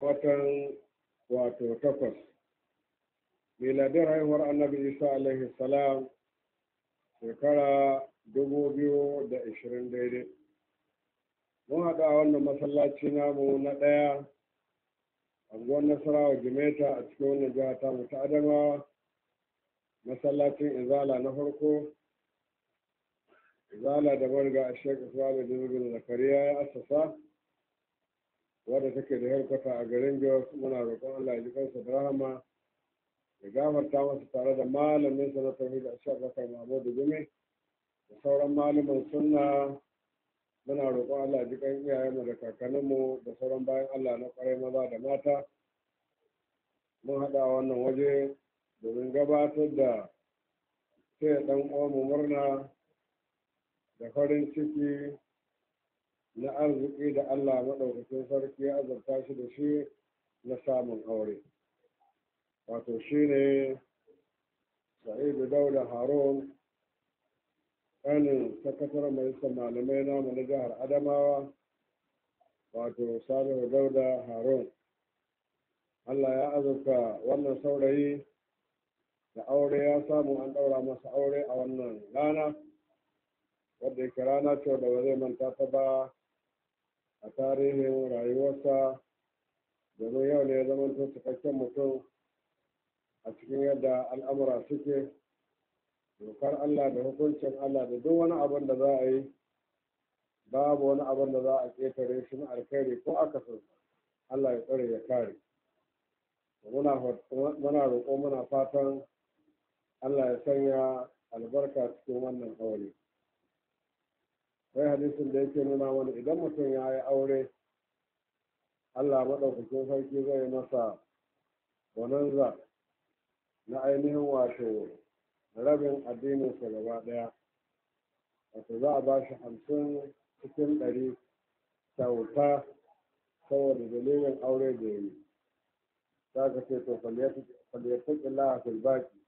watan wato takwas miladin haihuwar annabi isa alaihi salam shekara dubu biyu da ishirin daidai mun haɗu a wannan masallaci namu na ɗaya anguwar nasarawa jimeta a cikin wannan jiha ta mu ta adamawa masallacin izala na farko izala da marga a shekaru da jirgin zakariya ya asasa wadda take da yarkata a garin Jos muna roƙon Allah ya ji kansa da rahama ya gafarta masa tare da malamin sa na tauhid a sha bakar Mahmudu Gumi da sauran malamin sunna muna roƙon Allah ya ji kan iyayenmu da kakanninmu da sauran bayan Allah na ƙwarai maza da mata mun haɗa wannan waje domin gabatar da sai ɗan uwanmu murna da farin ciki na arziki da Allah maɗaukakin sarki ya azurta shi da shi na samun aure wato shi ne sa'idu dauda harun ƙanin sakatar majalisar malamai namu na jihar adamawa wato sabiru dauda harun Allah ya azurta wannan saurayi da aure ya samu an ɗaura masa aure a wannan rana wadda yake rana ce da ba zai manta ta ba a tarihin rayuwarsa domin yau ne ya zama cikakken mutum a cikin yadda al'amura suke dokar Allah da hukuncin Allah da duk wani abin da za a yi babu wani abin da za a ƙetare shi na alkhairi ko akasin Allah ya tsare ya kare muna roƙo muna fatan Allah ya sanya albarka cikin wannan aure. akwai hadisin da yake nuna mana idan mutum ya yi aure allah maɗaukakin sarki zai masa bonanza na ainihin wato rabin addininsa gaba ɗaya wato za a ba shi hamsin cikin ɗari kyauta saboda dalilin aure da yi za ka ce to falyattaƙi laha filbaki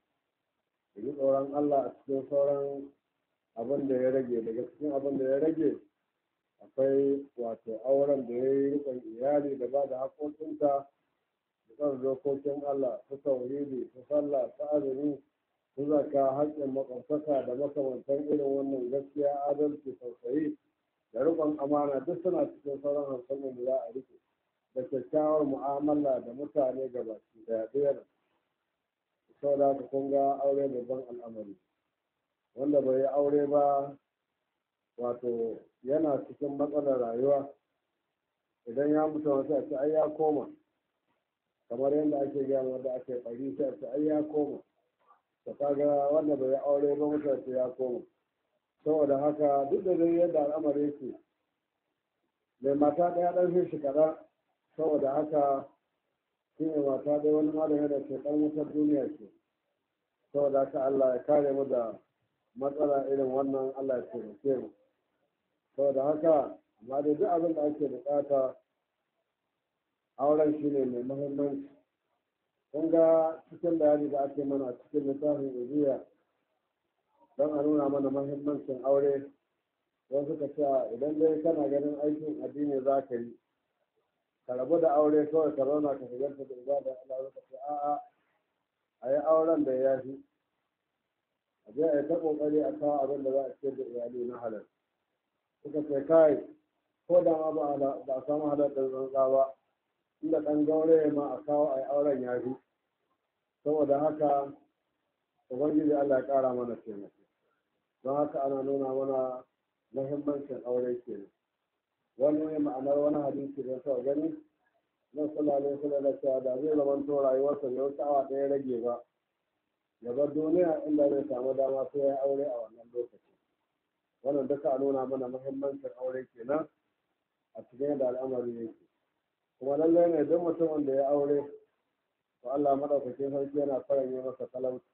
da yi tsoron allah a cikin sauran abin da ya rage daga cikin abin da ya rage akwai wato auren da ya yi rikon iyali da ba da haƙoƙinta da kan dokokin Allah ta tauhidi ta sallah ta azumi ta zaka haƙƙin makwabtaka da makamantan irin wannan gaskiya adalci tausayi da rikon amana duk suna cikin sauran hankalin da za a rike da kyakkyawar mu'amala da mutane gaba ɗaya ɗaya da sau da kun ga aure babban al'amari wanda bai yi aure ba wato yana cikin matsalar rayuwa idan ya mutu wasu a ce ai ya koma kamar yadda ake gaya wanda ake ɓari sai a ce ai ya koma ta kaga wanda bai yi aure ba mutu ce ya koma saboda haka duk da zai yadda al'amari yake mai mata ɗaya ɗan shi shekara saboda haka shi ne mata ɗaya wani malami da ke ɗan wutar duniya ce saboda haka Allah ya kare mu da matsala irin wannan Allah ya taimake mu da haka amma da duk abin da ake bukata auren shi ne mai muhimmanci kun ga cikin bayani da ake mana a cikin littafin ibiya don a nuna mana muhimmancin aure don suka ce idan dai kana ganin aikin addini za ka yi ka rabu da aure kawai ka zauna ka shigar da ibada Allah ce a'a a yi auren da ya fi a a yi ta kokari a kawo abin da za a ciyar da iyali na halal suka ce kai ko da ma ba a samu halal da ba inda ɗan gaure ma a kawo a auren ya fi saboda haka ubangiji allah ya ƙara mana taimako don haka ana nuna mana muhimmancin aure kenan wani ma'anar wani hadisi da sau gani na sallallahu alaihi wasallam da zai zama to rayuwarsa ne wata awa ɗaya rage ba ya bar duniya inda zai samu dama sai ya aure a wannan lokaci wannan duka a nuna mana muhimmancin aure kenan a cikin yadda al'amari yake kuma lallai ne duk mutumin da ya aure to Allah madaukakin sarki yana faranye masa talauci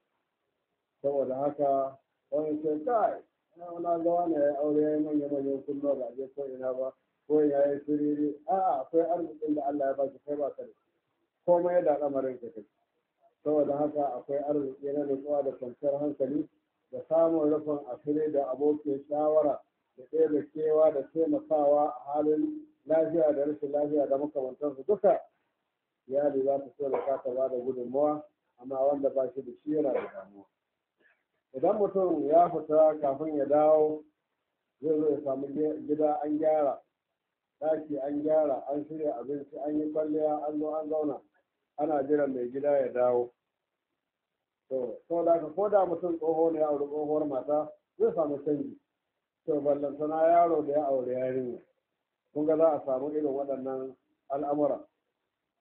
saboda haka wani sai kai na wani ga ne ya aure ya yi manya manyan kunno ba je ko ina ba ko ya yi siriri a'a akwai arzikin da Allah ya ba shi kai ba ka da komai da al'amarin ka kai? saboda haka akwai arziki na nutsuwa da kwanciyar hankali da samun rufin asiri da abokin shawara da ɗaya kewa da taimakawa a halin lafiya da rashin lafiya da makamantansu duka iyali za ta so da ta ba da gudunmawa amma wanda ba shi da shi yana da damuwa idan mutum ya fita kafin ya dawo zai zo ya samu gida an gyara ɗaki an gyara an shirya abinci an yi kwalliya an zo an zauna ana jiran mai gida ya dawo to saboda da ko koda mutum tsoho ne ya auri tsohuwar mata zai samu canji to ballantana yaro da ya aure yarinya kun ga za a samu irin waɗannan al'amura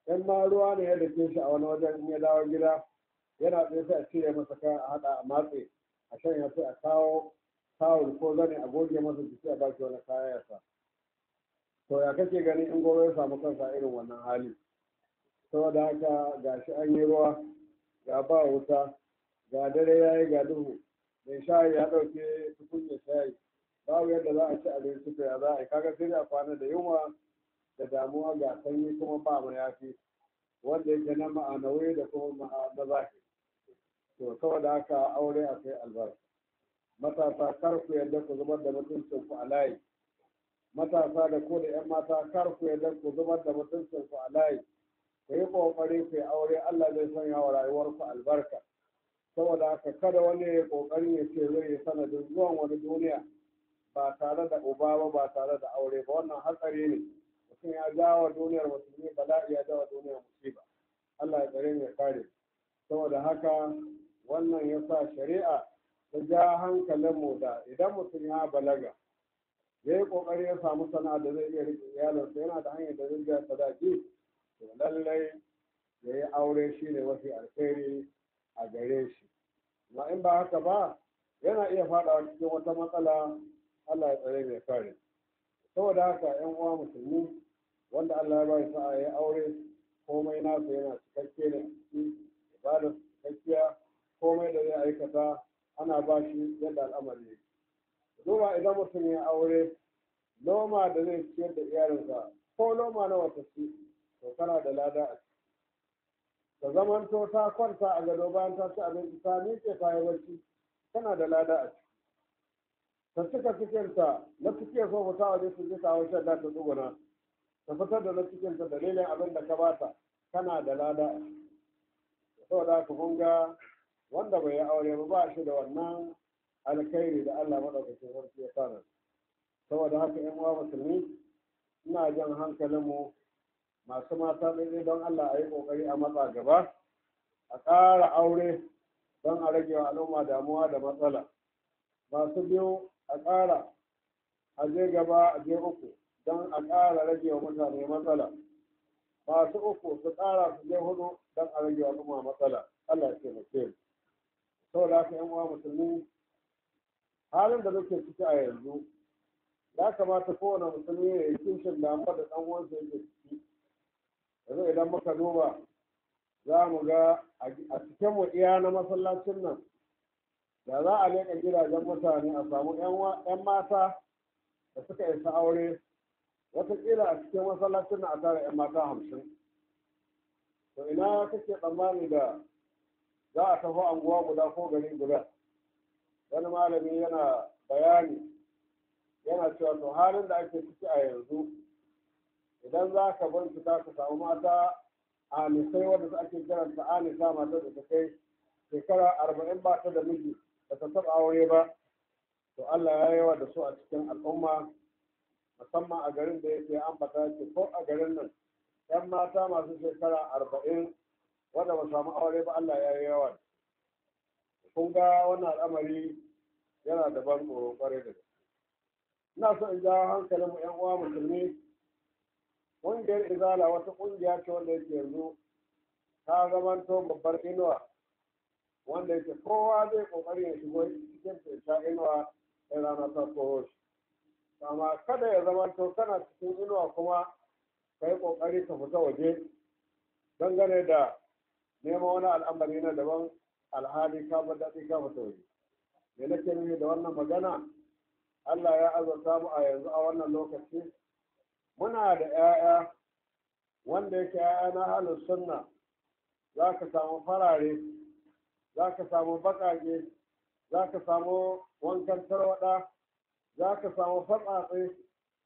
yan ma ruwa ne ya rike shi a wani wajen in ya dawo gida yana tsaye sai a cire masa kayan a haɗa a matse a shanya sai a kawo tawul ko zane a goge masa jiki a baki wani kaya ya sa to ya kake ganin in gobe ya samu kansa irin wannan hali saboda haka ga shi an yi ruwa ga ba wuta ga dare ya yi ga duhu mai shayi ya ɗauke tukunya shayi babu yadda za a ci abinci su ya za a yi kaga sai da kwana da yunwa da damuwa ga sanyi kuma ba mu yafi wanda yake na ma'anawai da kuma na zahiri to saboda haka aure akwai albarka matasa kar ku yarda ku zubar da mutuncin ku a layi matasa da ko da 'yan mata kar ku yarda ku zubar da mutuncin ku a layi ka yi ƙoƙari ka aure Allah zai sanya wa rayuwarku albarka saboda haka kada wani ya ƙoƙari ya ce zai yi sanadin zuwan wani duniya ba tare da uba ba ba tare da aure ba wannan hatsari ne mutum ya jawa duniyar musulmi bala'i ya jawa duniyar musiba Allah ya tsare ya kare saboda haka wannan ya sa shari'a ta ja hankalin mu da idan mutum ya balaga ya yi ƙoƙari ya samu sana'a da zai iya riƙe iyalinsa yana da hanyar da zai biya sadaki to lallai ya yi aure shi ne mafi alheri a gare shi amma in ba haka ba yana iya faɗawa cikin wata matsala Allah ya tsare mai kare saboda haka yan uwa musulmi wanda Allah ya ba sa'a ya aure komai nasa yana cikakke ne a ciki ibada cikakkiya komai da zai aikata ana ba shi yadda al'amari noma idan mutum ya aure noma da zai ciyar da iyalinsa ko noma na wata su. to kana da lada a ta zamanto ta kwanta a gado bayan ta ci abinci ta miƙe ta yi barci tana da lada a ta cika cikinta na cike so sa waje su ji kawo shan ta tsuguna ta fitar da na cikinta dalilin abin da ka bata tana da lada a saboda ku kunga wanda bai yi aure ba ba shi da wannan alkhairi da Allah maɗaukacin sarki ya tsara saboda haka ƴan uwa musulmi ina jan hankalinmu masu mata daidai don Allah a yi ƙoƙari a matsa gaba a ƙara aure don a rage wa al'umma damuwa da matsala masu biyu a ƙara a je gaba a je uku don a ƙara rage wa mutane matsala masu uku su ƙara su je hudu don a rage wa al'umma matsala Allah ya taimake mu saboda haka yan uwa musulmi halin da nake ciki a yanzu ya kamata kowane musulmi ya yi kishin damuwa da ɗan uwansa yake ciki yanzu idan muka duba za mu ga a cikin mu iya na masallacin nan da za a leƙa gidajen mutane a samu 'yan mata da suka isa aure watakila a cikin masallacin nan a tara 'yan mata hamsin to ina kake tsammani da za a tafi anguwa guda ko gari guda wani malami yana bayani yana cewa to halin da ake ciki a yanzu idan za ka bincika ka samu mata a wanda su ake kiranta anisa matar da ta kai shekara arba'in ba ta da miji ba ta taɓa aure ba to Allah ya yawa da su a cikin al'umma musamman a garin da yake ambata ce ko a garin nan yan mata masu shekara arba'in wanda ba samu aure ba Allah ya yawa kun ga wannan al'amari yana da ban tsoro kwarai da ina so in ja hankalin mu yan uwa musulmi ƙungiyar izala wata ƙungiya ce wanda yake yanzu ta zamanto babbar inuwa wanda yake kowa zai ƙoƙari ya shigo cikin ta inuwa in rana ta koro shi amma kada ya zamanto kana cikin inuwa kuma kai yi ƙoƙari ka fita waje dangane da neman wani al'amari na daban alhali ka bar daɗi ka fita waje me nake nuni da wannan magana Allah ya azurta mu a yanzu a wannan lokaci muna da 'ya'ya wanda yake 'ya'ya na halin sunna za ka samu farare za ka samu baƙaƙe za ka samu wankan tarwaɗa za ka samu fatsatse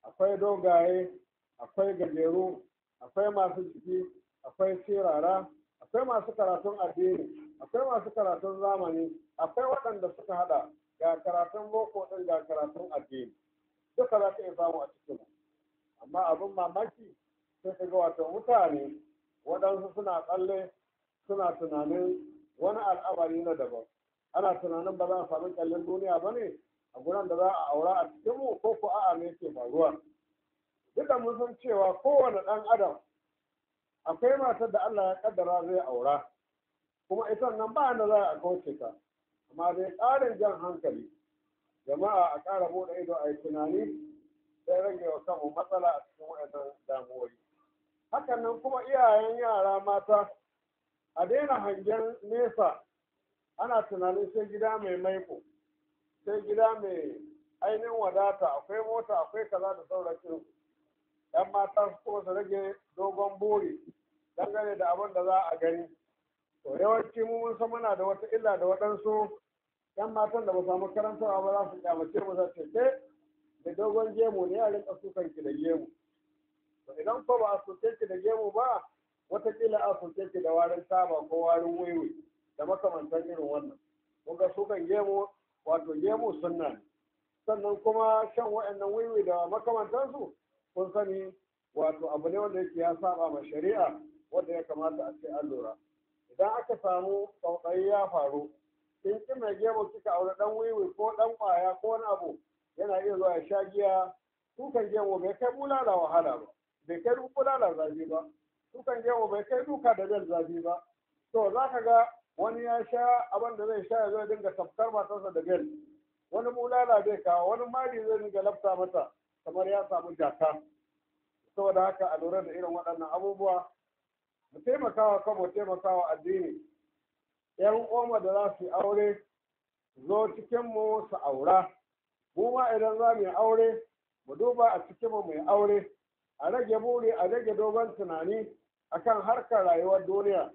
akwai dogaye akwai gajeru akwai masu jiki akwai sirara akwai masu karatun addini akwai masu karatun zamani akwai waɗanda suka haɗa ga karatun boko ɗin ga karatun addini duka za ka iya samu a cikin amma abin mamaki sun shiga wata mutane waɗansu suna tsalle suna tunanin wani al'amari na daban ana tunanin ba za a sami kyallin duniya ba ne a gurin da za a aura a cikinmu ko ko a'a ne ke faruwa duka mun san cewa kowane ɗan adam akwai matar da Allah ya kaddara zai aura kuma ita nan ba da za a kauce ta amma dai ƙarin jan hankali jama'a a kara buɗe ido a yi tunani sai rage wa kanmu matsala a cikin waɗannan damuwoyi hakanan kuma iyayen yara mata a daina hangen nesa ana tunanin sai gida mai maiko sai gida mai ainihin wadata akwai mota akwai kaza da sauran yan mata kuma su rage dogon buri dangane da abin da za a gani to yawanci mu mun san muna da wata illa da waɗansu yan matan da ba samu karantarwa ba za su kyamace mu za ce da dogon gemu ne a rinka sukan ki da gemu to idan ko ba a soke ki da gemu ba watakila a soke ki da warin taba ko warin waiwai da makamantan irin wannan kun ga sukan gemu wato gemu sunna ne sannan kuma shan wa'annan wiwi da makamantansu kun sani wato abu ne wanda yake ya saba ma shari'a wanda ya kamata a ce an lura idan aka samu tsautsayi ya faru in ki mai gemu kika aure ɗan wiwi ko ɗan kwaya ko wani abu yana iya zuwa ya sha giya dukan gemu bai kai bulala wahala ba bai kai bulala zafi ba dukan gemu bai kai duka da zai zafi ba to za ka ga wani ya sha abin da zai sha ya zai dinga tafkar matarsa da bel wani bulala zai kawo wani mali zai dinga lafta mata kamar ya samu jaka saboda haka a lura da irin waɗannan abubuwa mu taimakawa kan mu taimakawa addini yan uwanmu da za su aure zo cikin mu su aura mu ma idan za mu yi aure mu duba a cikin mu yi aure a rage buri a rage dogon tunani akan harkar rayuwar duniya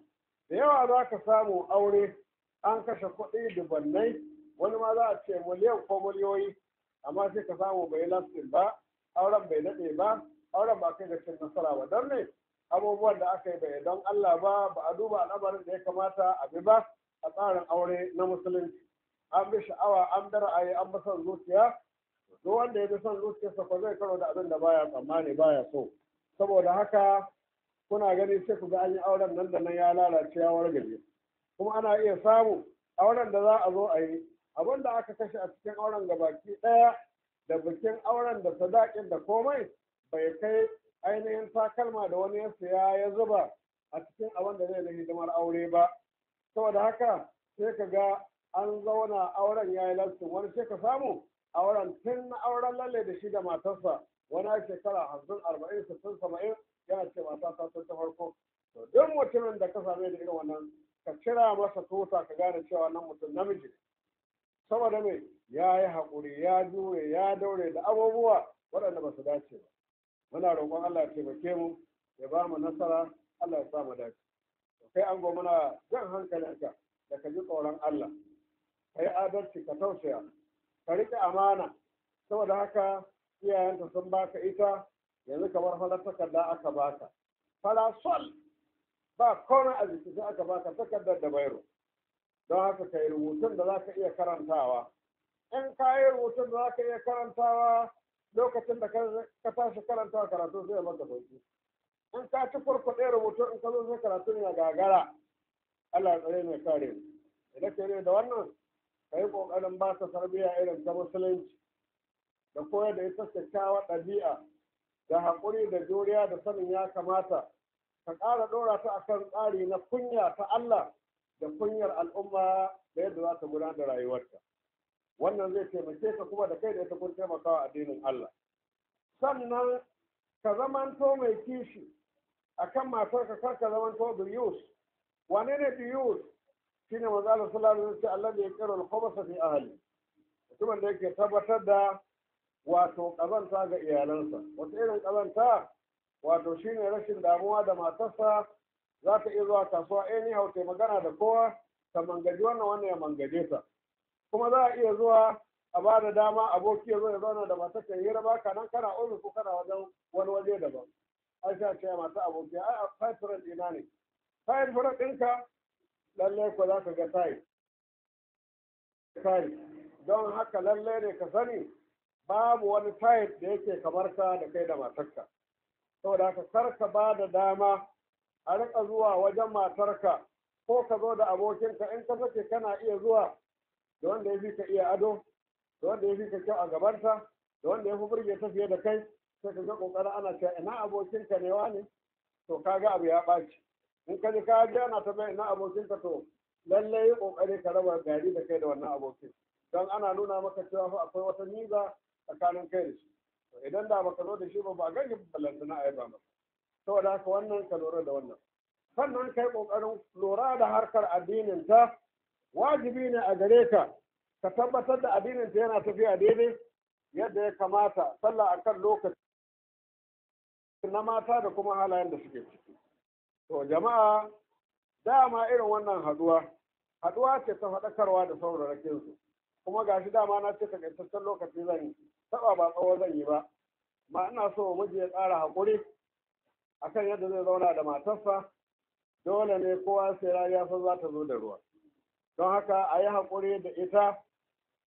da yawa za ka samu aure an kashe kuɗi dubannai wani ma za a ce miliyan ko miliyoyi amma sai ka samu bai lastin ba auren bai daɗe ba auren ba kai da cin nasara ba don ne abubuwan da aka yi bai don Allah ba ba a duba al'amarin da ya kamata a bi ba a tsarin aure na musulunci an bi sha'awa an bi ra'ayi an bi son zuciya duk wanda ya bi son zuciyarsa ko zai karo da abin da baya tsammani baya so saboda haka kuna gani sai ku ga an yi auren nan da nan ya lalace ya wargaje kuma ana iya samu auren da za a zo a yi abin da aka kashe a cikin auren gabaki daya da bikin auren da sadakin da komai bai kai ainihin takalma da wani ya siya ya zuba a cikin abin da zai da hidimar aure ba saboda haka sai ka ga an zauna auren ya yi lastin wani sai ka samu auren tun auren lalle da shi da matarsa wani a shekara hamsin arba'in sittin saba'in yana ce mata ta ta farko to duk mutumin da ka same da irin wannan ka kira masa tusa ka gane cewa nan mutum namiji saboda mai ya yi haƙuri ya jure ya daure da abubuwa waɗanda ba su dace ba muna roƙon Allah ya taimake mu ya ba mu nasara Allah ya sa mu dace kai an muna jan hankalinka da ka ji tsoron Allah ka yi adalci ka tausaya ka riƙe amana saboda haka iyayenta sun baka ita yanzu kamar fara takarda aka baka farasol ba kona a jiki sai aka baka takardar da bairo don haka ka yi rubutun da za ka iya karantawa in ka yi rubutun da za ka iya karantawa lokacin da ka tashi karantawa karatu zai maka sauki in ka ci kurkuɗe rubutu in ka zo sai karatu ya gagara Allah ya tsare mai kare idan ka yi da wannan ka yi ƙoƙarin ba ta sarbiya irin ta musulunci da koyar da ita kyakkyawa ɗabi'a da haƙuri da juriya da sanin ya kamata ka ƙara ɗora ta akan tsari na kunya ta Allah da kunyar al'umma da yadda za ta gudanar da rayuwarta wannan zai taimake ka kuma da kai da ita kun taimakawa addinin Allah sannan ka zamanto mai kishi akan matarka kar ka zamanto biyus wane ne biyus shine ne maza da alaihi ce Allah da ya kira alkhobasa fi ahli mutumin da yake tabbatar da wato kazanta ga iyalansa wata irin kazanta wato shine rashin damuwa da matarsa za ta iya zuwa kasuwa eh, anyhow ta magana da kowa ta mangaji wannan wannan ya mangaje ta kuma za a iya zuwa a ba da dama aboki ya zo ya zauna da matar ta hira ba ka nan kana ofis ko kana wajen wani waje daban Aisha sha ce mata aboki ai a five friend ina ne five friend ɗinka lallai ko za ka ga tayi don haka lallai ne ka sani babu wani tayi da yake kamar ka da kai da matarka saboda haka kar ka ba da dama a rika zuwa wajen matarka ko ka zo da abokinka in ka sake kana iya zuwa da wanda ya fi ka iya ado da wanda ya fi ka kyau a gabanta da wanda ya fi burge ta fiye da kai sai ka ga kokarin ana cewa ina abokinka ne wani to kaga abu ya ɓaci in ka ji ka ji ana ta mai na abokin ka to lalle yi kokari ka raba gari da kai da wannan abokin don ana nuna maka cewa fa akwai wata niza tsakanin kai da shi to idan da baka zo da shi ba ba gani balanta na aiba maka saboda haka wannan ka lura da wannan sannan kai kokarin lura da harkar addinin ta wajibi ne a gare ka ka tabbatar da addinin ta yana tafiya daidai yadda ya kamata sallah akan lokaci na mata da kuma halayen da suke ciki To jama'a dama irin wannan haduwa, haduwa ce ta faɗakarwa da sauraron su. Kuma gashi dama na ce takaitaccen lokaci zan yi, taɓa ba tsawo zan yi ba. Ma ina so miji ya tsara haƙuri akan yadda zai zauna da matarsa, dole ne kowa sai rariya san za ta zo da ruwa. Don haka a yi haƙuri da ita,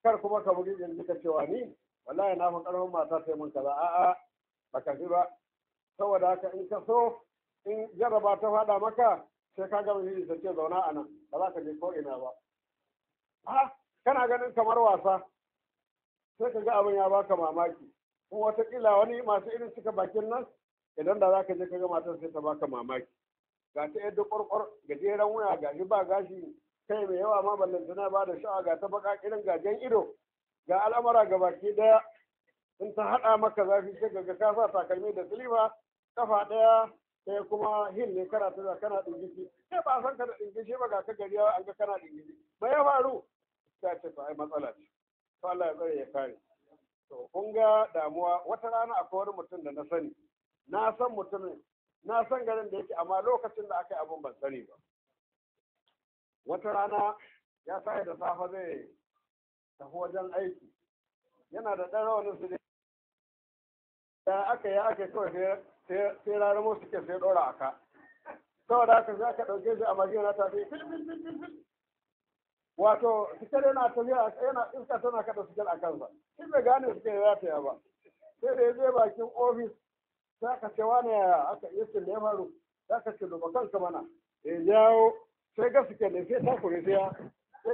kar kuma ka bugi ɗin ka cewa ni, wallahi na fi ƙarfin mata sai mun kaza, a'a, ka ji ba. Saboda haka in ka so, in jarraba ta faɗa maka sai ka gama yin ta zauna a nan ba za ka je ko ina ba ha kana ganin kamar wasa sai ka ga abin ya baka mamaki kuma kila wani masu irin cika bakin nan idan da za ka je ka ga matar sai ta baka mamaki ga ta yadda kwarkwar gajeren wuya ga shi ba gashi kai mai yawa ma tana ba da sha'a ga ta baka irin gajen ido ga al'amara ga baki daya in ta haɗa maka zafi sai ga ka sa takalmi da silifa kafa ɗaya sai kuma hin ne kana tura kana dingishi sai ba san ka da dingishi ba ga ka gari an ga kana dingishi ba ya faru ta ce ba ai matsala ce to Allah ya tsare ya kare to kun ga damuwa wata rana akwai wani mutum da na sani na san mutumin na san garin da yake amma lokacin da aka yi abun ban sani ba wata rana ya sa da safe zai tafi wajen aiki yana da ɗan rawanin su da aka yi aka yi kawai sai ranar musu ke sai ɗora a ka saboda haka za ka ɗauke shi a magana ta sai wato fitar yana tafiya yana iska tana kada fitar a kansa in da gane suke ya ta ba sai da ya je bakin ofis za ka ce wani yaya aka iya ce ya faru za ka ce duba kanka mana ya jawo sai ga suke ne sai takure sai ya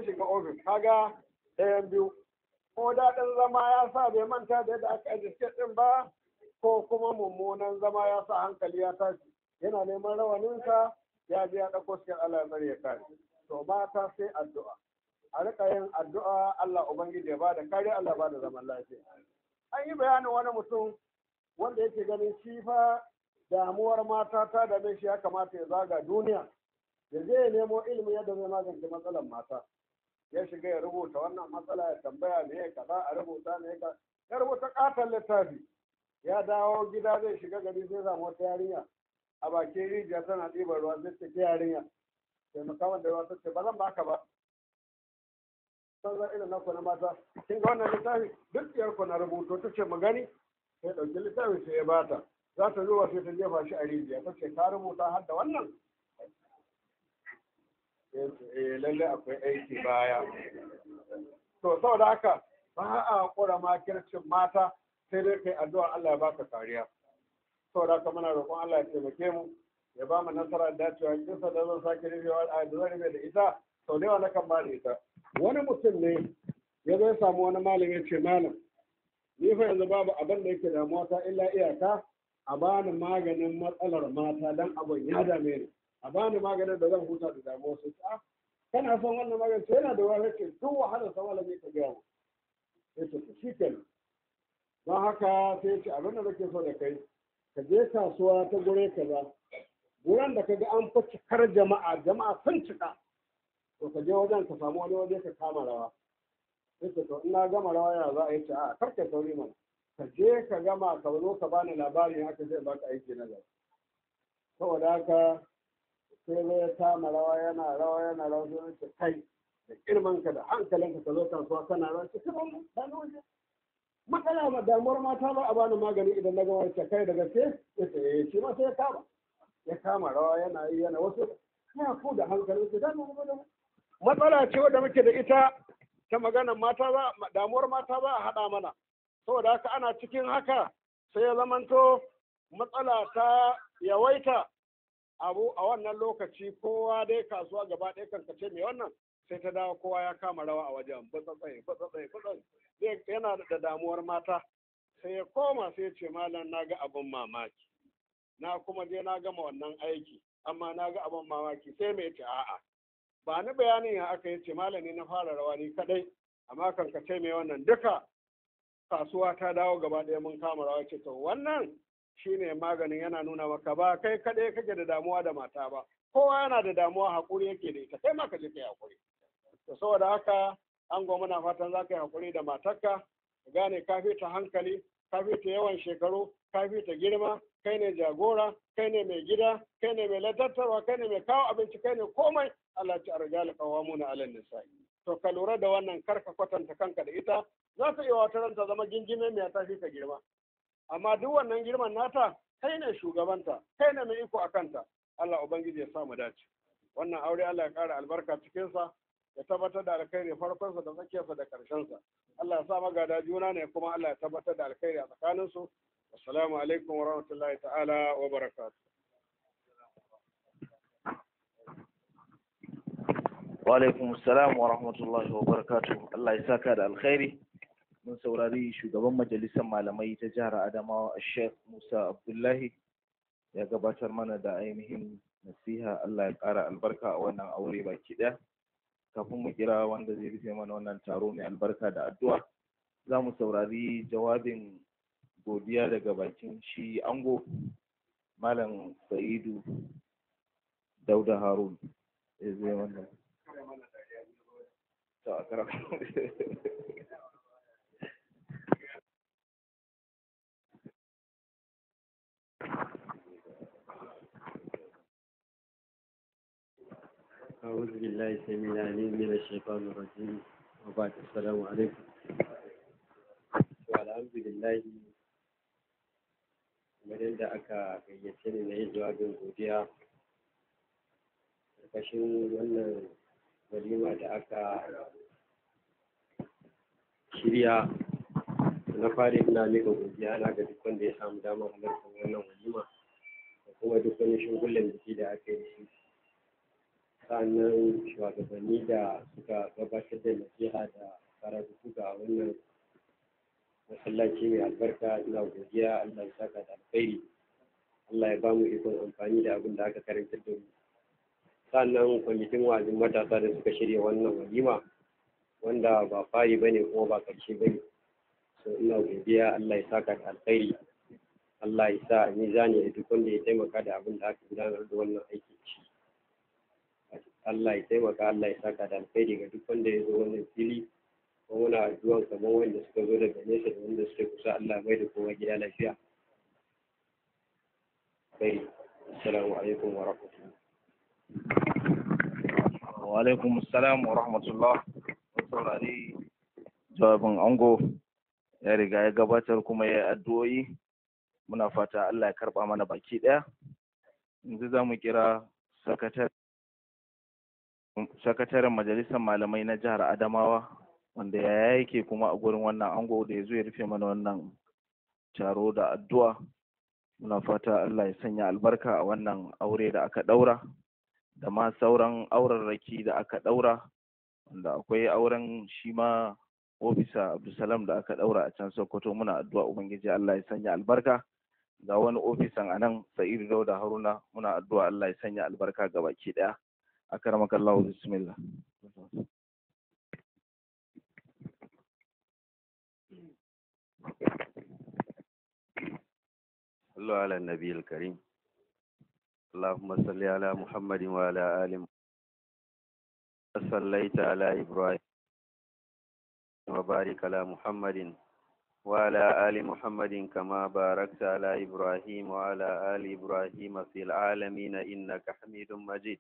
shiga ofis kaga ɗayan biyu ko daɗin zama ya sa bai manta da yadda aka ajiye ɗin ba ko kuma mummunan zama ya sa hankali ya tashi yana neman rawaninsa ya je ya ɗauko cikin Allah ya ya kare to mata sai addu'a a rika yin addu'a Allah ubangiji ya bada kare Allah bada zaman lafiya an yi bayanin wani mutum wanda yake ganin shi damuwar mata ta da shi ya kamata ya zaga duniya ya je ya nemo ilimin yadda zai magance matsalar mata ya shiga ya rubuta wannan matsala ya tambaya me ya kaza a rubuta me ya kaza ya rubuta katon littafi ya dawo gida zai shiga gari sai samu wata yarinya a bakin rijiya tana ɗiban ruwa sai ta ke yarinya sai makaman da ruwa ta ce ba zan baka ba sannan irin na ku na mata kin ga wannan littafi duk ɗiyar ku na rubuto ta ce mu gani sai ɗauki littafi sai ya bata za ta zuwa sai ta jefa shi a rijiya ta ce ka rubuta har da wannan eh, eh, lalle akwai aiki baya to saboda haka ba a ƙura makircin mata sai dai kai addu'a Allah ya baka kariya saboda haka muna roƙon Allah ya taimake mu ya ba mu nasara da cewa kisa da zan sake rufewa a da zan da ita sau da yawa na kan bada ita wani mutum ne ya zo ya samu wani malami ya ce malam ni fa yanzu babu abin da yake damuwa ta illa iyaka a bani maganin matsalar mata dan abin ya dame ni a bani maganin da zan huta da damuwa su ta ah, kana son wannan maganin yana da wani ce duk wahalar sa malami ka gaya mu ya ce shi kenan don haka sai ce abin da nake so da kai ka je kasuwa ta gure ba wurin da ka ga an fi cikar jama'a jama'a sun cika to ka je wajen ka samu wani waje ka kama rawa sai to ina gama rawa ya za a yi ta a karka sauri mana ka je ka gama ka zo ka bani labari haka zai baka aiki na gaba saboda haka sai zai ya kama rawa yana rawa yana rawa sai ce kai da girman da hankalinka ka zo kasuwa kana rawa ce kuma ba waje matsala ma damuwar mata ba a bani magani idan na gama ta kai da gaske ya ce eh, shi ma ya kama ya kama rawa yana yi yana wasu ya ku da hankali su dama matsala ce wadda muke da ita ta maganar mata ba damuwar mata ba a haɗa mana saboda haka ana cikin haka sai ya zamanto matsala ta yawaita abu a wannan lokaci kowa dai kasuwa gaba ɗaya kankace mai wannan sai ta dawo kowa ya kama rawa a wajen batsatsaye batsatsaye batsatsaye yana da damuwar mata sai ya koma sai ya ce malam na ga abin mamaki na kuma je na gama wannan aiki amma na ga abin mamaki sai mai ce a'a ba ni bayanin ya aka yi ce malami na fara rawa ni kadai amma kan ka ce mai wannan duka kasuwa ta dawo gaba ɗaya mun kama rawa ce to wannan shine maganin yana nuna maka ba kai kadai kake da damuwa da mata ba kowa yana da damuwa haƙuri yake da ita sai ma ka je kai haƙuri. to saboda haka an goma na fatan za ka yi haƙuri da matarka ka gane ka fita hankali ka fita yawan shekaru ka ta girma kai ne jagora kai ne mai gida kai ne mai latattarwa kai ne mai kawo abinci kai ne komai Allah ci arjali na ala nisa'i to ka lura da wannan karka kwatanta kanka da ita za ta iya wata ranta zama gingime mai ta fi ka girma amma duk wannan girman nata kai ne shugabanta kai ne mai iko a kanta Allah ubangiji ya sa mu dace wannan aure Allah ya ƙara albarka cikinsa ya tabbatar da alkhairi farkonsa da tsakiyarsa da karshensa Allah ya sa magada juna ne kuma Allah ya tabbatar da alkhairi a tsakaninsu assalamu alaikum wa rahmatullahi ta'ala wa barakatuh wa alaikum assalam wa rahmatullahi wa barakatuh Allah ya saka da alkhairi mun saurari shugaban majalisar malamai ta jihar Adamawa Sheikh Musa Abdullahi ya gabatar mana da ainihin nasiha Allah ya ƙara albarka a wannan aure baki ɗaya kafin mu kira wanda zai rufe mana wannan taro mai albarka da addu'a za mu saurari jawabin godiya daga bakin shi ango malam sa'idu dauda harun eh, zai wannan أعوذ بالله السميع العليم من الشيطان الرجيم وبعد السلام عليكم والحمد لله kamar yadda aka gayyace ni na yi bin godiya ƙarƙashin wannan walima da aka shirya na fari ina miƙa godiya na ga duk wanda ya samu damar halartar wannan walima da kuma duk wani shugulin da aka yi tsakanin shuwagabanni da suka gabatar da nasiha da karatu ga wannan masallaci mai albarka ina godiya Allah ya saka da alkhairi Allah ya bamu ikon amfani da abin da aka karantar da mu sannan kwamitin wazin matasa da suka shirya wannan walima wanda ba fari bane kuma ba karshe bane so ina godiya Allah ya saka da alkhairi Allah ya sa ni mizani da duk wanda ya taimaka da abin da aka gudanar da wannan aiki shi. Allah ya taimaka Allah ya saka da alkhairi ga duk wanda ya zo wannan fili ko muna addu'an kamar wanda suka zo daga nesa da wanda suke kusa Allah mai da kowa gida lafiya kai assalamu alaikum wa rahmatullah wa alaikum assalam wa rahmatullah mun saurari jawabin ango ya riga ya gabatar kuma ya addu'o'i muna fata Allah ya karba mana baki daya yanzu za mu kira sakatar sakataren majalisar malamai na jihar adamawa wanda ya yake kuma a gurin wannan ango da ya zo ya rufe mana wannan taro da addu'a muna fata allah ya sanya albarka a wannan aure da aka ɗaura da ma sauran aurarraki da aka ɗaura wanda akwai auren shi ma ofisa abdulsalam da aka ɗaura a can sokoto muna addu'a ubangiji allah ya sanya albarka ga wani ofisan anan nan sa'idu dauda haruna muna addu'a allah ya sanya albarka ga baki ɗaya أكرمك الله بسم الله صلوا على النبي الكريم اللهم صل على محمد وعلى آل محمد صليت على إبراهيم وبارك على محمد وعلى آل محمد كما باركت على إبراهيم وعلى آل إبراهيم في العالمين إنك حميد مجيد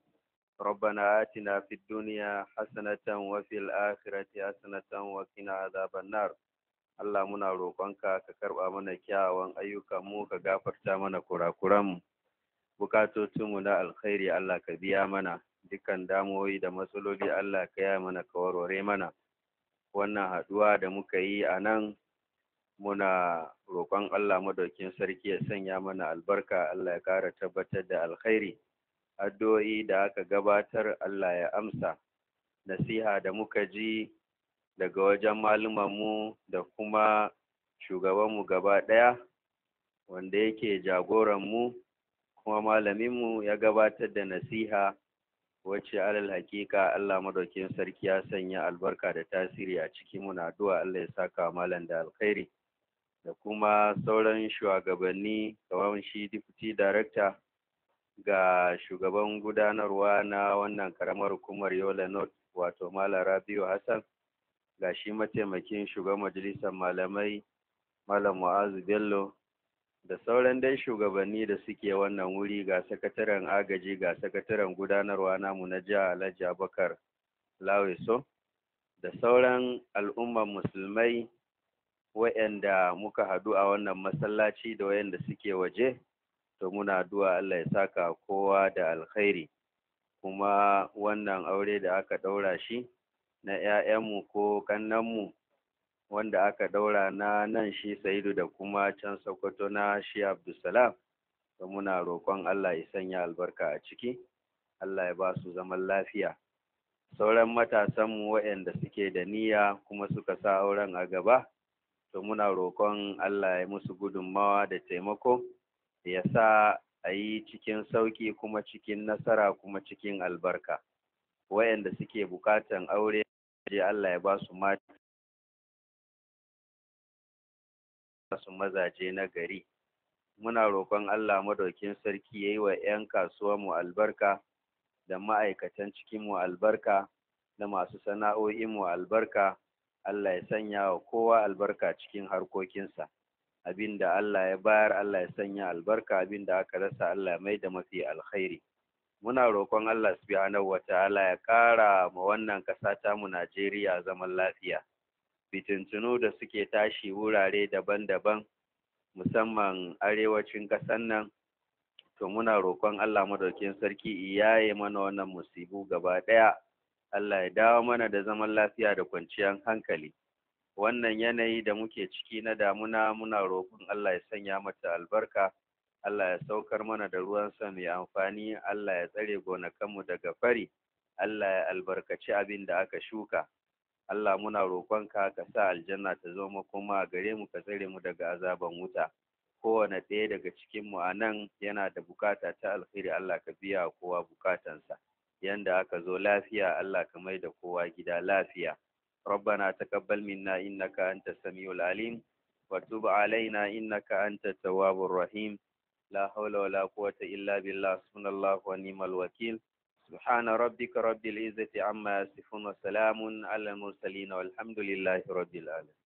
ربنا آتنا في الدنيا حسنة وفي الآخرة حسنة وقنا عذاب النار Allah muna roƙonka ka karɓa mana kyawawan ayyukan mu ka gafarta mana kurakuran mu bukatocin mu na alkhairi Allah ka biya mana dukkan damuwoyi da matsaloli Allah ka yaya mana ka warware mana wannan haɗuwa da muka yi a nan muna roƙon Allah madaukin sarki ya sanya mana albarka Allah ya ƙara tabbatar da alkhairi addu'o'i da aka gabatar Allah ya amsa nasiha da muka ji daga wajen malumanmu da kuma shugabanmu gaba ɗaya wanda yake jagoranmu kuma malaminmu ya gabatar da nasiha wacce alal hakika Allah madaukin sarki ya sanya albarka da tasiri a ciki muna addu'a Allah ya saka malam da alkhairi da kuma sauran shugabanni kamar shi deputy director ga shugaban gudanarwa na wannan karamar hukumar yola north wato malam rabiu hassan ga shi mataimakin shugaban majalisar malamai malam mu'azu bello da sauran dai shugabanni da suke wannan wuri ga sakataren agaji ga sakataren gudanarwa namu na jiha alhaji abubakar laweso da sauran al'umman musulmai wa'yanda muka haɗu a wannan masallaci da wa'yanda suke waje to muna addu'a Allah ya saka kowa da alkhairi kuma wannan aure da aka ɗaura shi na 'ya'yanmu ko ƙannenmu wanda aka ɗaura na nan shi Sa'idu da kuma can Sokoto na shi Abdulsalam to muna roƙon Allah ya sanya albarka a ciki Allah ya ba su zaman lafiya sauran matasanmu waɗanda suke da niyya kuma suka sa auren a gaba to muna roƙon Allah ya musu gudunmawa da taimako ya sa a yi cikin sauƙi kuma cikin nasara kuma cikin albarka wayanda suke bukatan aure je Allah ya ba su mata su mazaje na gari muna roƙon Allah madaukin sarki ya yi wa 'yan kasuwa mu albarka da ma'aikatan cikin mu albarka da masu sana'o'in mu albarka Allah ya sanya wa kowa albarka cikin harkokinsa abin da Allah ya bayar Allah ya sanya albarka abin da aka rasa Allah mai da mafi alkhairi muna roƙon Allah subhanahu ta'ala ya ƙara ma wannan ƙasa ta mu Najeriya zaman lafiya fitintunu da suke tashi wurare daban-daban musamman arewacin ƙasar nan to muna roƙon Allah madaukin sarki iyaye mana wannan musibu gaba ɗaya Allah ya dawo mana da zaman lafiya da kwanciyar hankali wannan yanayi da muke ciki na damuna muna roƙon Allah ya sanya mata albarka Allah ya saukar mana da ruwansa mai amfani Allah ya tsare gonakanmu daga fari Allah ya albarkaci abin da aka shuka Allah muna roƙon ka ka sa aljanna ta zo kuma gare mu ka tsare mu daga azaban wuta kowane ɗaya daga cikin a nan yana da bukata ta alheri Allah ka biya kowa bukatansa yanda aka zo lafiya Allah ka maida kowa gida lafiya ربنا تقبل منا إنك أنت السميع العليم وتب علينا إنك أنت التواب الرحيم لا حول ولا قوة إلا بالله سبحان الله ونعم الوكيل سبحان ربك رب العزة عما يصفون وسلام على المرسلين والحمد لله رب العالمين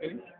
Ready?